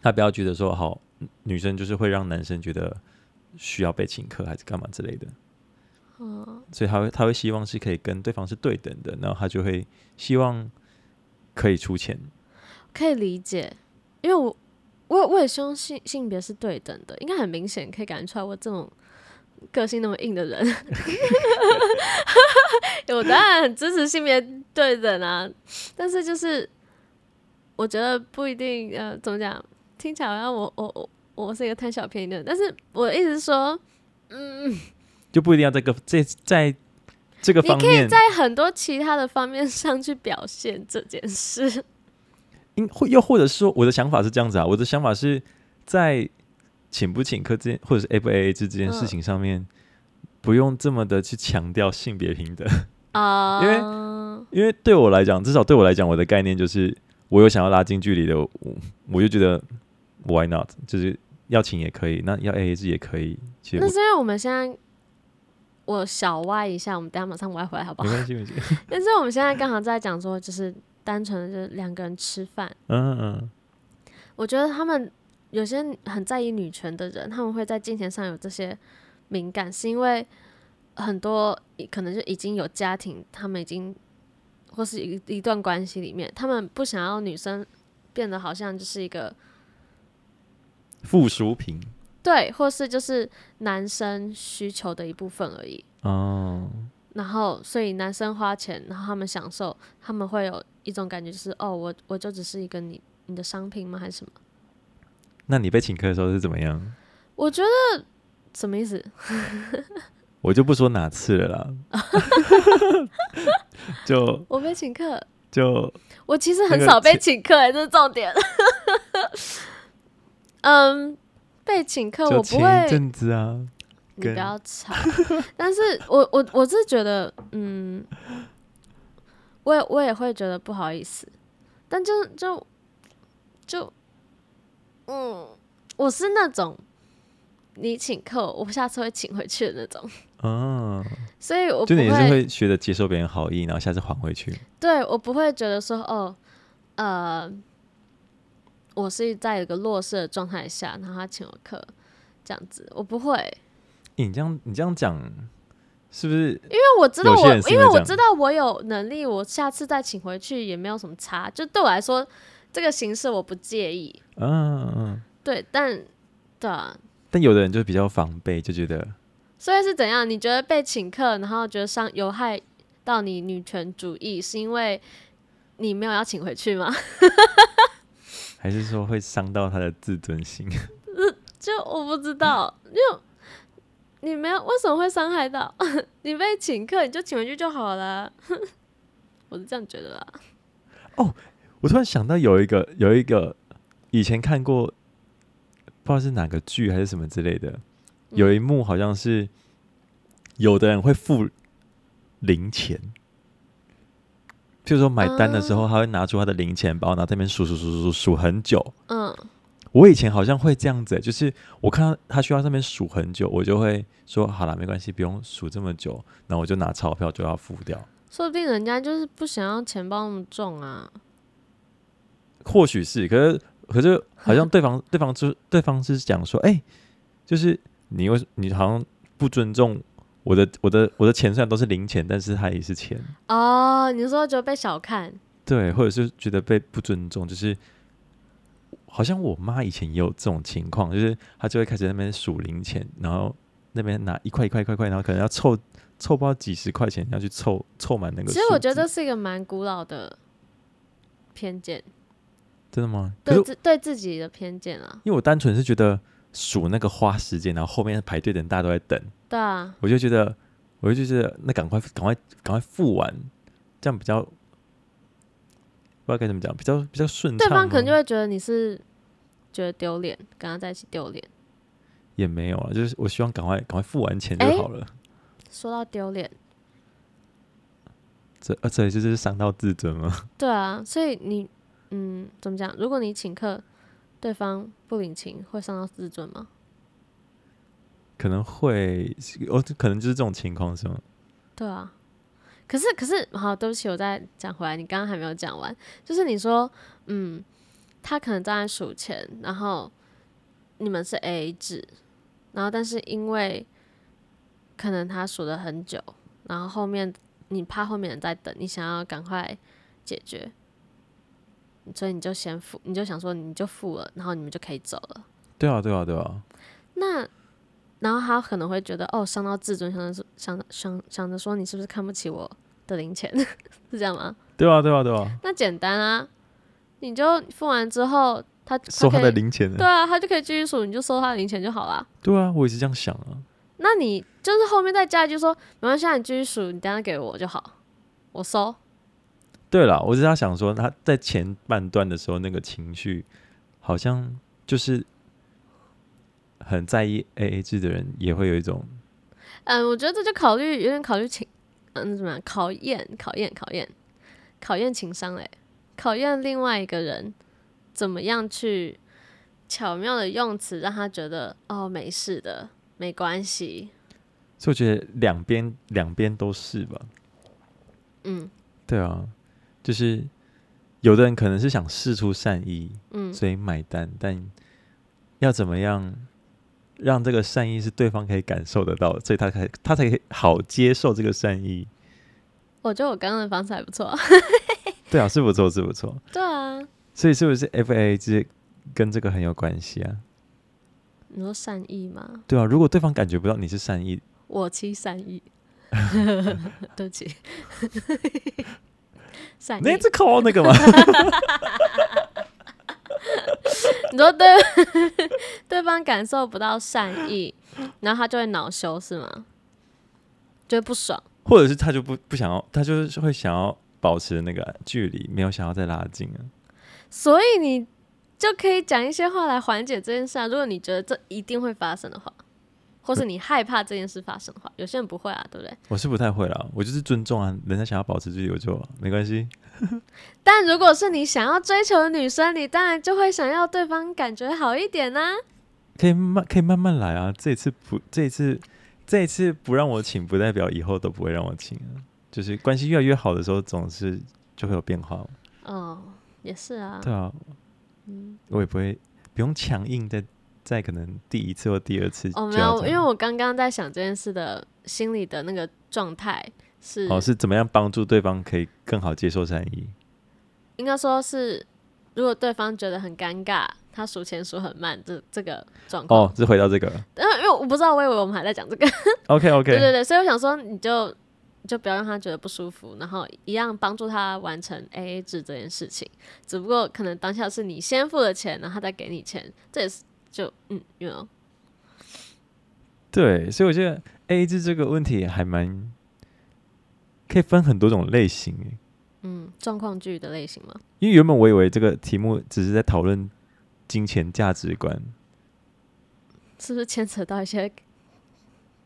他不要覺得說好，女生就是會讓男生覺得需要被請客還是幹嘛之類的，嗯，所以他會他會希望是可以跟對方是對等的，然後他就會希望可以出錢。可以理解，因為我我我也希望性性別是對等的，應該很明顯可以感覺出來我這種，個性那麼硬的人，有 [LAUGHS] [LAUGHS] 當然很支持性別對等啊，但是就是我覺得不一定呃，怎麼講？聽起來好像我我我我是一個貪小便宜的人，但是我的意思是說，嗯，就不一定要這個這在，在這個方面，你可以在很多其他的方面上去表現這件事。因或又或者說，我的想法是這樣子啊，我的想法是在。請不請客這件，或者是 A 不 A，AA 制這件事情上面，不用這麼的去強調性別平等。因為因為對我來講，至少對我來講，我的概念就是，我有想要拉近距離的，我我就覺得 Why not？就是要請也可以，那要 A A 制也可以。其實那是因為我們現在我小歪一下，我們等下馬上歪回來好不好？沒關係，沒關係。但是我們現在剛好在講說，就是單純的就是兩個人吃飯。嗯嗯、啊。我覺得他們。有些很在意女權的人，他們會在金錢上有這些敏感，是因為很多可能就已經有家庭，他們已經或是一一段關係裡面，他們不想要女生變得好像就是一個附屬品，對，或是就是男生需求的一部分而已。哦，然後所以男生花錢，然後他們享受，他們會有一種感覺，就是哦，我我就只是一個你你的商品嗎，還是什麼？那你被請客的時候是怎麼樣？我覺得什麼意思？ [LAUGHS] 我就不說哪次了啦。 [LAUGHS] [LAUGHS] 就我被請客，就我其實很少被請客、欸，哎，跟 這是重點。 [LAUGHS] 嗯，被請客、就前一陣子啊、我不會。你不要吵。跟 [LAUGHS] 但是我我我是覺得，嗯，我也我也會覺得不好意思，但就就就。就嗯，我是那種你請客，我下次會請回去的那種。嗯，啊、所以我不會，就你是會學着接受別人好意，然後下次還回去。對，我不會覺得說哦，呃，我是在一個弱勢的狀態下，然後他請我客，這樣子我不會。欸、你這樣你這樣講，是不是，是？因為我知道我，因為我知道我有能力，我下次再請回去也沒有什麼差。就對我來說。這個形式我不介意，嗯嗯，嗯對，但對啊，但有的人就比較防備，就覺得，所以是怎樣？你覺得被請客，然後覺得傷有害到你女權主義，是因為你沒有要請回去嗎？ [LAUGHS] 還是說會傷到他的自尊心？ [LAUGHS] 就，就我不知道，嗯、就你沒有為什麼會傷害到？ [LAUGHS] 你被請客，你就請回去就好了，啊， [LAUGHS] 我是這樣覺得啦。哦。Oh! 我突然想到有一個有一個以前看過，不知道是哪個劇還是什麼之類的，有一幕好像是有的人會付零錢，就是說買單的時候他會拿出他的零錢包、嗯、然後在那邊數數數數數很久。嗯，我以前好像會這樣子、欸，就是我看到他需要在那邊數很久，我就會說好了，沒關係，不用數這麼久，然後我就拿鈔票就要付掉。說不定人家就是不想要錢包那麼重啊。或許是，可是可是好像對方呵呵對方是對方是講說，哎、欸，就是你又你好像不尊重我的我的我的錢，雖然都是零錢，但是它也是錢。哦，你說覺得被小看，對，或者是覺得被不尊重，就是好像我媽以前也有這種情況，就是她就會開始那邊數零錢，然後那邊拿一塊一塊一塊塊，然後可能要湊湊不到幾十塊錢，要去湊湊滿那個。其實我覺得這是一個蠻古老的偏見。真的嗎？對自對自己的偏見啊，因為我單純是覺得數那個花時間，然後後面排隊的人大家都在等，對啊，我就覺得，我就覺得那趕快趕快趕快付完，這樣比較不知道該怎麼講，比較比較順暢。對方可能就會覺得你是覺得丟臉，跟他在一起丟臉，也沒有啊，就是我希望趕快趕快付完錢就好了。欸、說到丟臉，這而且、啊、就是傷到自尊了。對啊，所以你。嗯，怎麼講？如果你請客，對方不領情，會傷到自尊嗎？可能會，哦，可能就是這種情況，是嗎？對啊。可是，可是，好，對不起，我再講回來，你剛剛還沒有講完，就是你說，嗯，他可能正在數錢，然後你們是 AA 制，然後但是因為可能他數了很久，然後後面你怕後面人在等，你想要趕快解決。所以你就先付，你就想說你就付了，然後你們就可以走了。對啊，對啊，對啊。那然後他可能會覺得，哦，傷到自尊，想的是想想想着說，你是不是看不起我的零錢？ [LAUGHS] 是這樣嗎？對啊，對啊，對啊。那簡單啊，你就付完之後，他，他收他的零錢。對啊，他就可以繼續數，你就收他的零錢就好了。對啊，我也是這樣想啊。那你就是後面再加一句說，沒關係，你繼續數，你等下給我就好，我收。對了，我只是想說，他在前半段的時候，那個情緒好像就是很在意 AA 制的人，也會有一種……嗯，我覺得這就考慮有點考慮情，嗯，怎麼樣、啊？考驗、考驗、考驗、考驗情商、欸，哎，考驗另外一個人怎麼樣去巧妙的用詞，讓他覺得哦，沒事的，沒關係。所以我覺得兩邊兩邊都是吧，嗯，對啊。就是有的人可能是想釋出善意，嗯，所以買單，嗯、但要怎麼樣讓這個善意是對方可以感受得到的，所以他才他才好接受這個善意。我覺得我剛剛的方式還不錯。 [LAUGHS] 對啊，是不錯，是不錯。對啊，所以是不是 F A G 跟這個很有關係啊？你說善意嗎？對啊，如果對方感覺不到你是善意，我欺善意， [LAUGHS] [LAUGHS] 對不起。 [LAUGHS] 你只渴那個？嗎？ [LAUGHS] 你說，對，對方感受不到善意，然後他就會惱羞是嗎？覺得、就是不爽，或者是他就不不想要，他就是會想要保持那個距離，沒有想要再拉近啊。所以你就可以講一些話來緩解這件事啊。如果你覺得這一定會發生的話。或是你害怕這件事發生的話，有些人不會啊，對不對？我是不太會啦，我就是尊重啊，人家想要保持距離，我就沒關係。 [LAUGHS] 但如果是你想要追求的女生，你當然就會想要對方感覺好一點啦。可以慢，可以慢慢來啊。這一次不，這一次，這一次不讓我請，不代表以後都不會讓我請啊。就是關係越來越好的時候，總是就會有變化。哦，也是啊。對啊。嗯，我也不會，不用強硬的。在可能第一次或第二次哦，oh, 沒有、啊，因為我剛剛在想這件事的心理的那個狀態是哦，是怎麼樣幫助對方可以更好接受善意？應該說是，如果對方覺得很尷尬，他數錢數很慢，這這個狀況哦，oh, 是回到這個，因為因為我不知道，我以為我們還在講這個 [LAUGHS] 。OK OK，對對對，所以我想說，你就就不要讓他覺得不舒服，然後一樣幫助他完成 AA 制這件事情。只不過可能當下是你先付了錢，然後他再給你錢，這也是。就嗯有，you know 對，所以我覺得 A 制這個問題還蠻可以分很多種類型。嗯，狀況劇的類型嗎？因為原本我以為這個題目只是在討論金錢價值觀，是不是牽扯到一些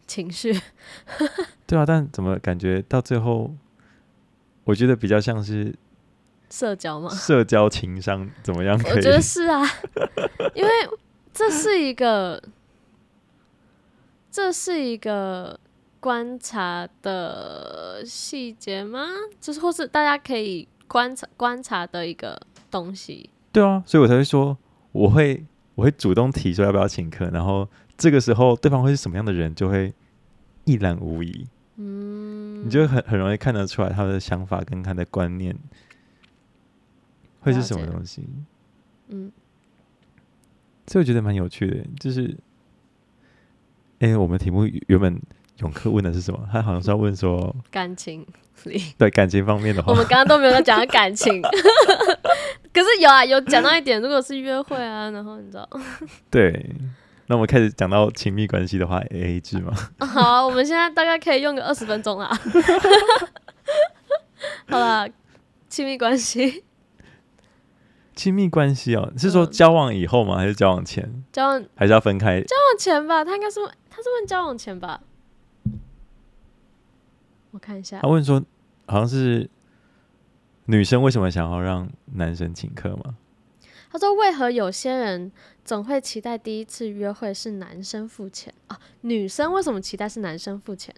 情緒？ [LAUGHS] 對啊，但怎麼感覺到最後，我覺得比較像是社交嘛，社交情商怎麼樣？我覺得是啊， [LAUGHS] 因為。這是一個， [COUGHS] 這是一個觀察的細節嗎？就是或是大家可以觀察觀察的一個東西。對啊，所以我才會說，我會我會主動提出要不要請客，然後這個時候對方會是什麼樣的人，就會一覽無遺。嗯，你就很很容易看得出來他的想法跟他的觀念會是什麼東西。嗯。這我覺得蠻有趣的，就是，哎，我們題目原本泳客問的是什麼？他好像是要問說感情，對感情方面的話，我們剛剛都沒有講到感情， [LAUGHS] [LAUGHS] 可是有啊，有講到一點，如果是約會啊，然後你知道， [LAUGHS] 對，那我們開始講到親密關係的話，A A 制嗎？啊、好、啊，我們現在大概可以用個二十分鐘啦。 [LAUGHS] 好了，親密關係。親密關係哦，你是說交往以後嗎？還是交往前？交往還是要分開？交往前吧，他應該是問，他是問交往前吧？我看一下，他問說，好像是女生為什麼想要讓男生請客嗎？他說，為何有些人總會期待第一次約會是男生付錢啊？女生為什麼期待是男生付錢？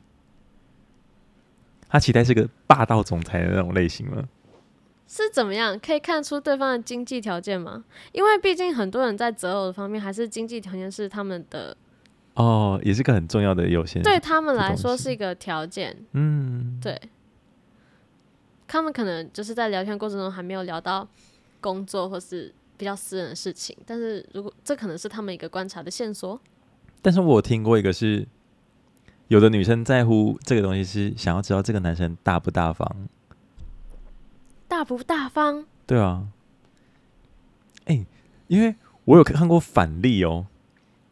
他期待是個霸道總裁的那種類型嗎？是怎麼樣？可以看出對方的經濟條件嗎？因為畢竟很多人在擇偶的方面，還是經濟條件是他們的哦，也是個很重要的優先。對他們來說是一個條件，嗯，對他們可能就是在聊天過程中還沒有聊到工作或是比較私人的事情，但是如果這可能是他們一個觀察的線索。但是我聽過一個是有的女生在乎這個東西，是想要知道這個男生大不大方。大不大方？對啊，哎、欸，因為我有看過反例哦，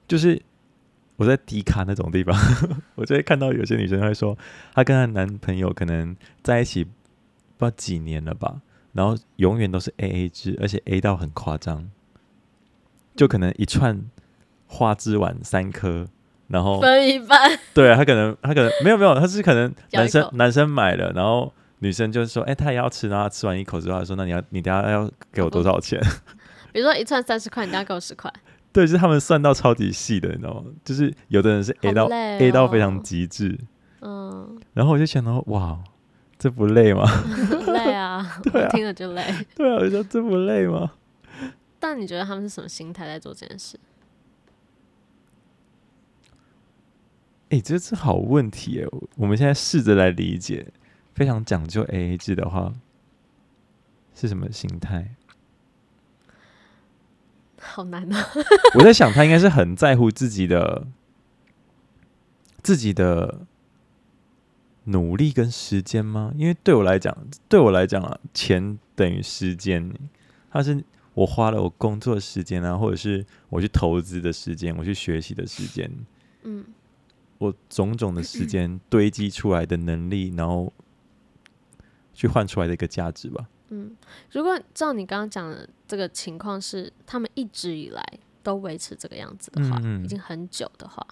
就是我在迪卡那種地方，呵呵我就會看到有些女生會說，她跟她男朋友可能在一起不知道幾年了吧，然後永遠都是 A A 制，而且 A 到很誇張，就可能一串花枝丸三顆，然後分一半。對啊，她可能她可能沒有沒有，他是可能男生男生買的，然後。女生就是說，哎、欸，她也要吃、啊，然後她吃完一口之後，她說，那你要，你等下要給我多少錢？比如說一串三十塊，你等下給我十塊。 [LAUGHS] 對，就是他們算到超級細的，你知道嗎？就是有的人是 A 到、哦、A 到非常極致。嗯。然後我就想到，哇，這不累嗎？嗯、 [LAUGHS] [LAUGHS] 累啊！ [LAUGHS] 啊我聽了就累。對啊，我就說這不累嗎？ [LAUGHS] 但你覺得他們是什麼心態在做這件事？哎、欸，這這好問題哎，我們現在試着來理解。非常講究 AA 制的話，是什麼心態？好難啊！我在想，他應該是很在乎自己的自己的努力跟時間嗎？因為對我來講，對我來講啊，錢等於時間。他是我花了我工作時間啊，或者是我去投資的時間，我去學習的時間，嗯，我種種的時間堆積出來的能力，嗯、然後。去換出來的一個價值吧。嗯，如果照你剛剛講的這個情況是他們一直以來都維持這個樣子的話，嗯嗯，已經很久的話，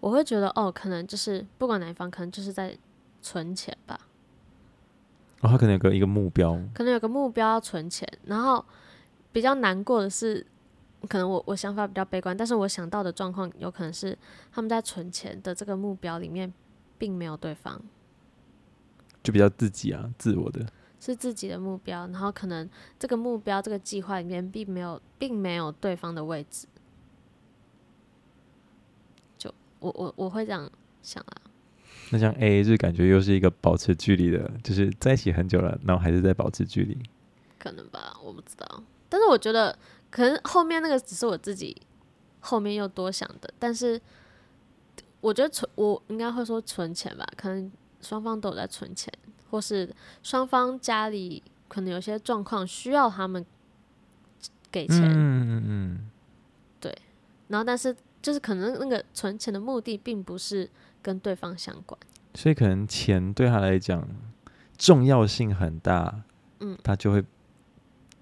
我會覺得哦，可能就是不管哪一方，可能就是在存錢吧。哦，他可能有個一個目標，嗯，可能有個目標要存錢。然後比較難過的是，可能我我想法比較悲觀，但是我想到的狀況有可能是他們在存錢的這個目標裡面並沒有對方。就比較自己啊，自我的是自己的目標，然後可能這個目標、這個計劃裡面並沒有，並沒有對方的位置。就我我我會這樣想啊。那像 AA，就感覺又是一個保持距離的，就是在一起很久了，然後還是在保持距離。可能吧，我不知道。但是我覺得，可能後面那個只是我自己後面又多想的。但是我覺得存，我應該會說存錢吧，可能。雙方都有在存錢，或是雙方家裡可能有些狀況需要他們給錢。嗯嗯嗯。嗯嗯對，然後但是就是可能那個存錢的目的並不是跟對方相關，所以可能錢對他來講重要性很大。嗯，他就會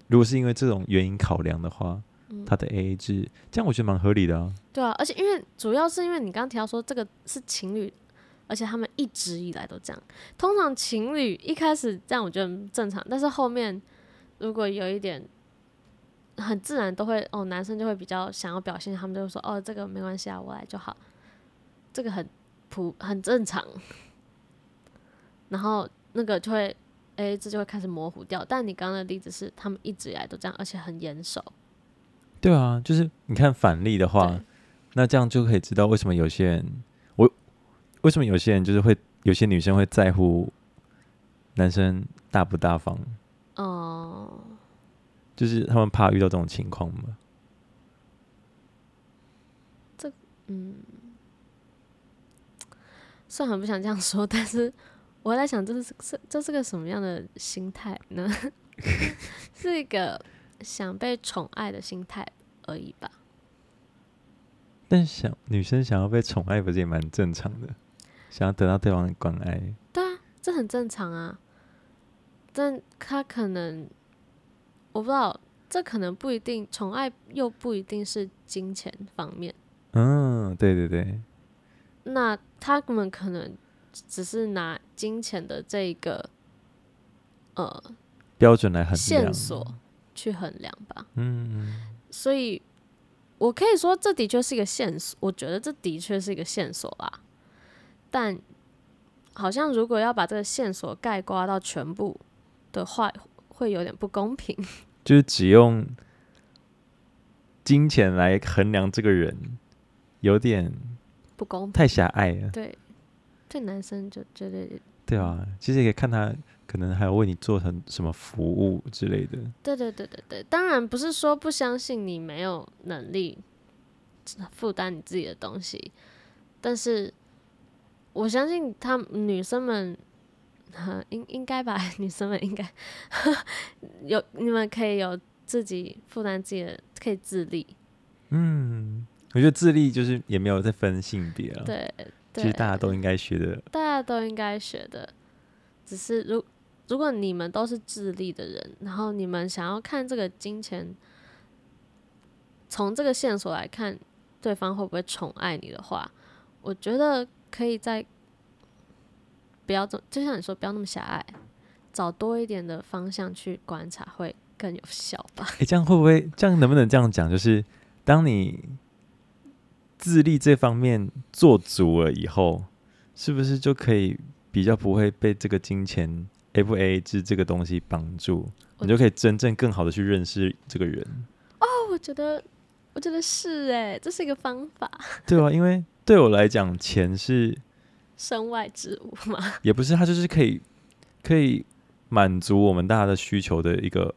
如果是因為這種原因考量的話，嗯，他的 AA 制這樣我覺得蠻合理的啊。對啊，而且因為主要是因為你剛剛提到說這個是情侶。而且他們一直以來都這樣。通常情侶一開始這樣，我覺得很正常。但是後面如果有一點很自然，都會哦，男生就會比較想要表現，他們就說：“哦，這個沒關係啊，我來就好。”這個很普，很正常。然後那個就會，哎、欸，這就會開始模糊掉。但你剛剛的例子是，他們一直以來都這樣，而且很嚴守。對啊，就是你看反例的話，對那這樣就可以知道為什麼有些人。為什麼有些人就是會有些女生會在乎男生大不大方？哦，oh, 就是他們怕遇到這種情況嗎？這嗯，雖然很不想這樣說，但是我在想、就是，這、就是是這、就是個什麼樣的心態呢？ [LAUGHS] 是一個想被寵愛的心態而已吧。但想女生想要被寵愛，不是也蠻正常的？想要得到對方的關愛，對啊，這很正常啊。但他可能，我不知道，這可能不一定，寵愛又不一定是金錢方面。嗯、哦，對對對。那他們可能只是拿金錢的這一個呃標準來衡量，線索去衡量吧。嗯，嗯。所以，我可以說，這的確是一個線索。我覺得這的確是一個線索啦。但好像如果要把這個線索概括到全部的話，會有點不公平。就是只用金錢來衡量這個人，有點不公平，太狹隘了。對，這男生就覺得，對啊，其實也可以看他可能還要為你做成什麼服務之類的。對對對對對，當然不是說不相信你沒有能力負擔你自己的東西，但是。我相信他女生們哈，應應該吧，女生們應該有你們可以有自己負擔自己的，可以自立。嗯，我覺得自立就是也沒有在分性別啊，對。對，其實大家都應該學的，大家都應該學的。只是如果如果你們都是自立的人，然後你們想要看這個金錢，從這個線索來看，對方會不會寵愛你的話，我覺得。可以再不要這就像你說，不要那麼狹隘，找多一點的方向去觀察，會更有效吧？誒，這樣會不會？這樣能不能這樣講？就是當你自立這方面做足了以後，是不是就可以比較不會被這個金錢、A 不 A 制這個東西綁住？你就可以真正更好的去認識這個人。哦，我覺得，我覺得是誒，這是一個方法。對啊， [LAUGHS] 因為。對我來講，錢是身外之物嗎？也不是，它就是可以可以滿足我們大家的需求的一個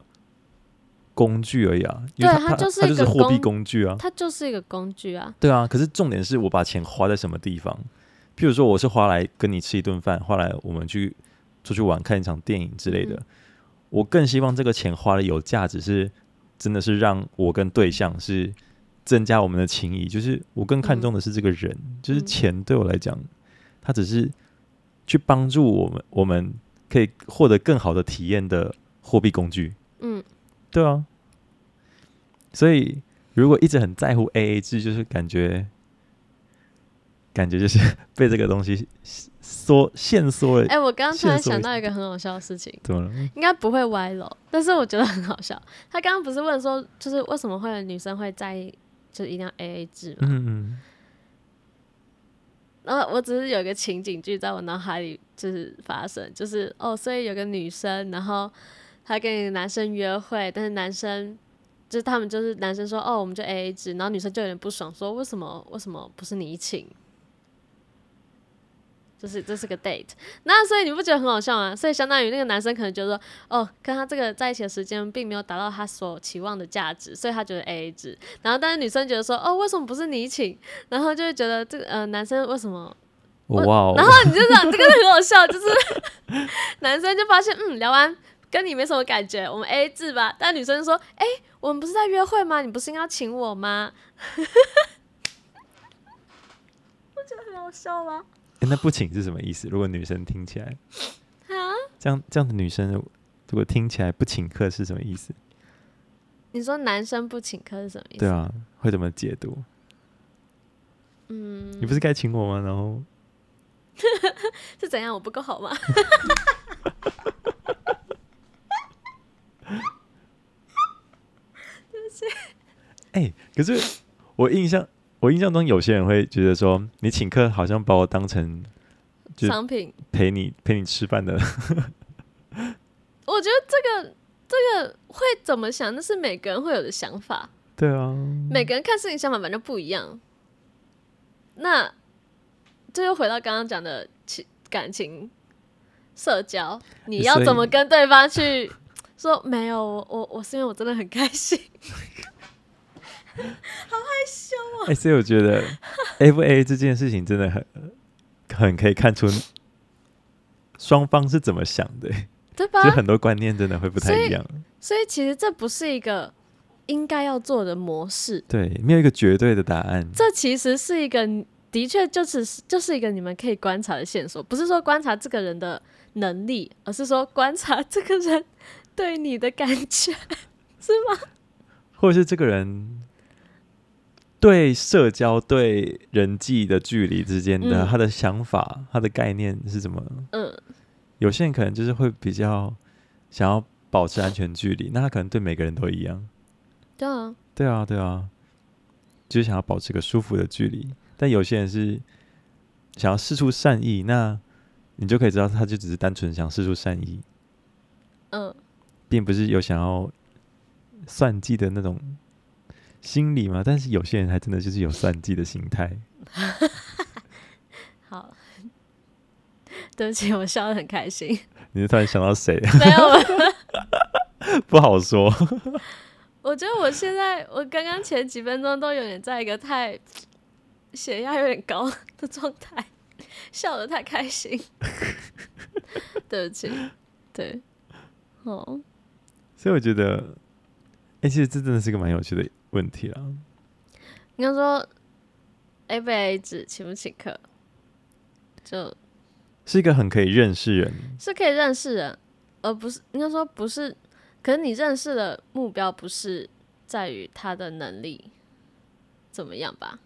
工具而已啊。因為對，它就是它就是貨幣工具啊，它就是一個工具啊。對啊，可是重點是我把錢花在什麼地方？譬如說，我是花來跟你吃一頓飯，花來我們去出去玩、看一場電影之類的。嗯。我更希望這個錢花的有價值，是真的是讓我跟對象是。增加我們的情誼，就是我更看重的是這個人。嗯、就是錢對我來講，它只是去幫助我們，我們可以獲得更好的體驗的貨幣工具。嗯，對啊。所以如果一直很在乎 AA 制，就是感覺，感覺就是被這個東西縮限縮了。哎、欸，我剛剛突然想到一個很好笑的事情，怎麼了？應該不會歪樓，但是我覺得很好笑。他剛剛不是問說，就是為什麼會有女生會在意？就一定要 AA 制嘛。嗯嗯。然後啊，我只是有一個情景劇在我腦海裡，就是發生，就是哦，所以有個女生，然後她跟一個男生約會，但是男生就是他們就是男生說哦，我們就 AA 制，然後女生就有點不爽，說為什麼為什麼不是你請？就是這是個 date，那所以你不覺得很好笑嗎？所以相當於那個男生可能覺得說，哦，跟他這個在一起的時間並沒有達到他所期望的價值，所以他覺得 AA 制。然後但是女生覺得說，哦，為什麼不是你請？然後就會覺得這個呃，男生為什麼？哇、哦！然後你就這樣，這個很好笑， [LAUGHS] 就是男生就發現，嗯，聊完跟你沒什麼感覺，我們 AA 制吧。但女生就說，哎、欸，我們不是在約會嗎？你不是應該要請我嗎？ [LAUGHS] 不覺得很好笑嗎？欸，那不請是什麼意思？如果女生聽起來，啊哈，這樣這樣的女生如果聽起來不請客是什麼意思？你說男生不請客是什麼意思？對啊，會怎麼解讀？嗯，你不是該請我嗎？然後 [LAUGHS] 是怎樣？我不夠好嗎？哎，可是我印象。我印象中有些人會覺得說，你請客好像把我當成商品，陪你陪你吃飯的。 [LAUGHS] 我覺得這個這個會怎麼想，那是每個人會有的想法。對啊，每個人看事情想法反正不一樣。那這又回到剛剛講的情感情社交，你要怎麼跟對方去以說？沒有我，我是因為我真的很開心。 [LAUGHS] [LAUGHS] 好害羞啊、哦欸！所以我覺得 A 不 A 這件事情真的很 [LAUGHS] 很可以看出雙方是怎麼想的、欸，對吧？就很多觀念真的會不太一樣。所以，所以其實這不是一個應該要做的模式，對，沒有一個絕對的答案。這其實是一個，的確就是就是一個你們可以觀察的線索，不是說觀察這個人的能力，而是說觀察這個人對你的感覺，是嗎？或者是這個人。對社交、對人際的距離之間的、嗯、他的想法、他的概念是什麼？嗯、呃，有些人可能就是會比較想要保持安全距離，那他可能對每個人都一樣。對啊，對啊，對啊，就是想要保持個舒服的距離。但有些人是想要釋出善意，那你就可以知道，他就只是單純想釋出善意。嗯、呃，並不是有想要算計的那種。心理嘛，但是有些人還真的就是有算計的心態。 [LAUGHS] 好，對不起，我笑得很開心。你是突然想到誰？沒有，不好說。 [LAUGHS] 我覺得我現在，我剛剛前幾分鐘都有點在一個太血壓有點高的狀態，笑得太開心。 [LAUGHS] 對不起，對，哦。所以我覺得，哎、欸，其實這真的是個蠻有趣的。問題啊！應該說，AA 制請不請客，就是一個很可以認識人，是可以認識人，而不是應該說不是。可是你認識的目標不是在於他的能力怎麼樣吧？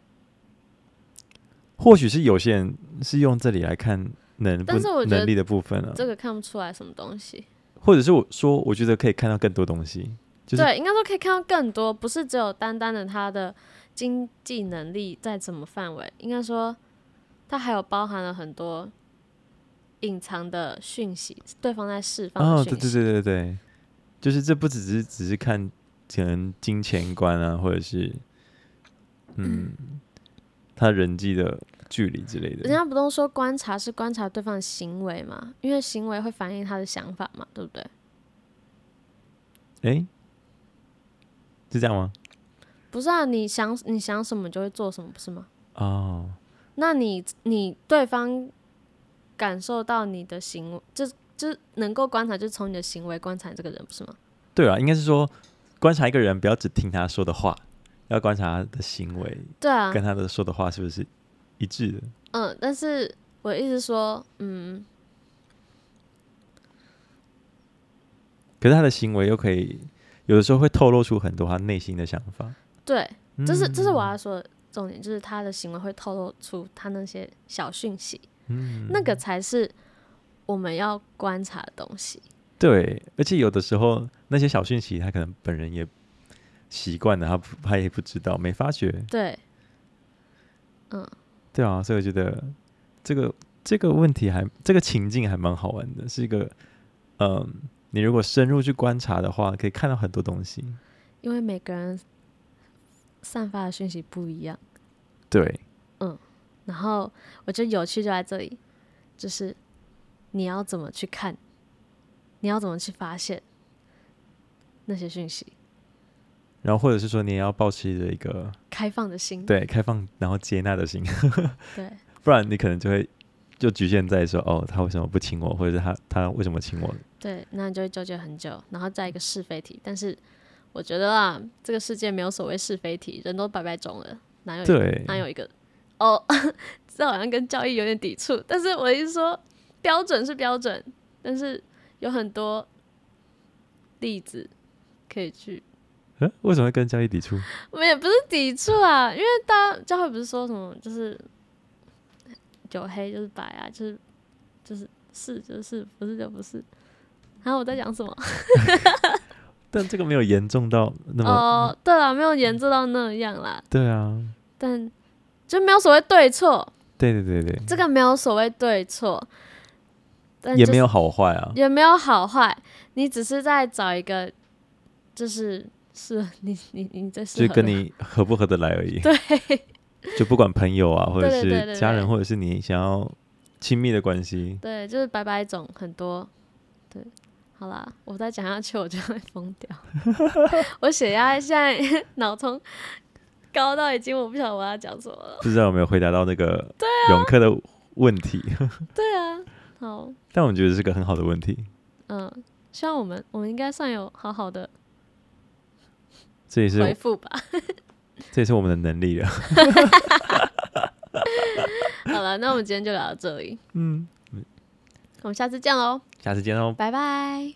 或許是有些人是用這裡來看能不能力的部分啊，但是我覺得部分啊，這個看不出來什麼東西。或者是我說，我覺得可以看到更多東西。就是、對，應該說可以看到更多，不是只有單單的他的經濟能力在什麼範圍，應該說他還有包含了很多隱藏的訊息，對方在釋放的訊息。哦，對對對對對，就是這不只是只是看錢、金錢觀啊，或者是嗯， [COUGHS] 他人際的距離之類的。人家不都說觀察是觀察對方的行為嘛，因為行為會反映他的想法嘛，對不對？誒、欸。是這樣嗎？不是啊，你想你想什麼就會做什麼，不是嗎？哦，oh. 那你你對方感受到你的行為，就就，就是能夠觀察，就從你的行為觀察這個人，不是嗎？對啊，應該是說觀察一個人，不要只聽他說的話，要觀察他的行為。對啊，跟他的說的話是不是一致的？嗯，但是我一直說，嗯，可是他的行為又可以。有的時候會透露出很多他內心的想法，對，嗯、這是這是我要說的重點，就是他的行為會透露出他那些小訊息，嗯、那個才是我們要觀察的東西。對，而且有的時候那些小訊息，他可能本人也習慣了，他他也不知道，沒發覺。對，嗯，對啊，所以我覺得這個這個問題還這個情境還蠻好玩的，是一個嗯。你如果深入去觀察的話，可以看到很多東西，因為每個人散發的訊息不一樣。對，嗯，然後我覺得有趣就在這裡，就是你要怎麼去看，你要怎麼去發現那些訊息，然後或者是說你也要保持着一個開放的心，對，開放然後接納的心， [LAUGHS] 對，不然你可能就會。就侷限在說哦，他為什麼不親我，或者是他他為什麼親我？對，那你就會糾結很久，然後在一個是非題。但是我覺得啊，這個世界沒有所謂是非題，人都百百種了，哪有對哪有一個哦？這、oh, [LAUGHS] 好像跟教育有點抵觸。但是我一直說標準是標準，但是有很多例子可以去。嗯、啊，為什麼會跟教育抵觸？我也不是抵觸啊，因為大家教會不是說什麼就是。有黑就是白啊，就是就是是就是不是就不是。然、啊、後我在講什麼？ [LAUGHS] [LAUGHS] 但這個沒有嚴重到那麼。哦，對了，沒有嚴重到那樣啦。嗯、對啊。但就沒有所謂對錯。對對對對。這個沒有所謂對錯。但就是、也沒有好壞啊。也沒有好壞，你只是在找一個，就是是，你你你在。是就跟你合不合得來而已。 [LAUGHS] 對。就不管朋友啊，或者是家人，對對對對對或者是你想要親密的關係，對，就是白白種很多，對，好啦，我再講下去我就會瘋掉， [LAUGHS] [LAUGHS] 我血壓現在 [LAUGHS] 腦衝高到已經，我不曉得我要講什麼了，不知道有沒有回答到那個泳、啊、客的問題， [LAUGHS] 對啊，好，但我覺得這是個很好的問題，嗯，希望我們我們應該算有好好的，這也是回復吧。這也是我們的能力了。好了，那我們今天就聊到這裡。嗯，我們下次見嘍！下次見嘍！拜拜。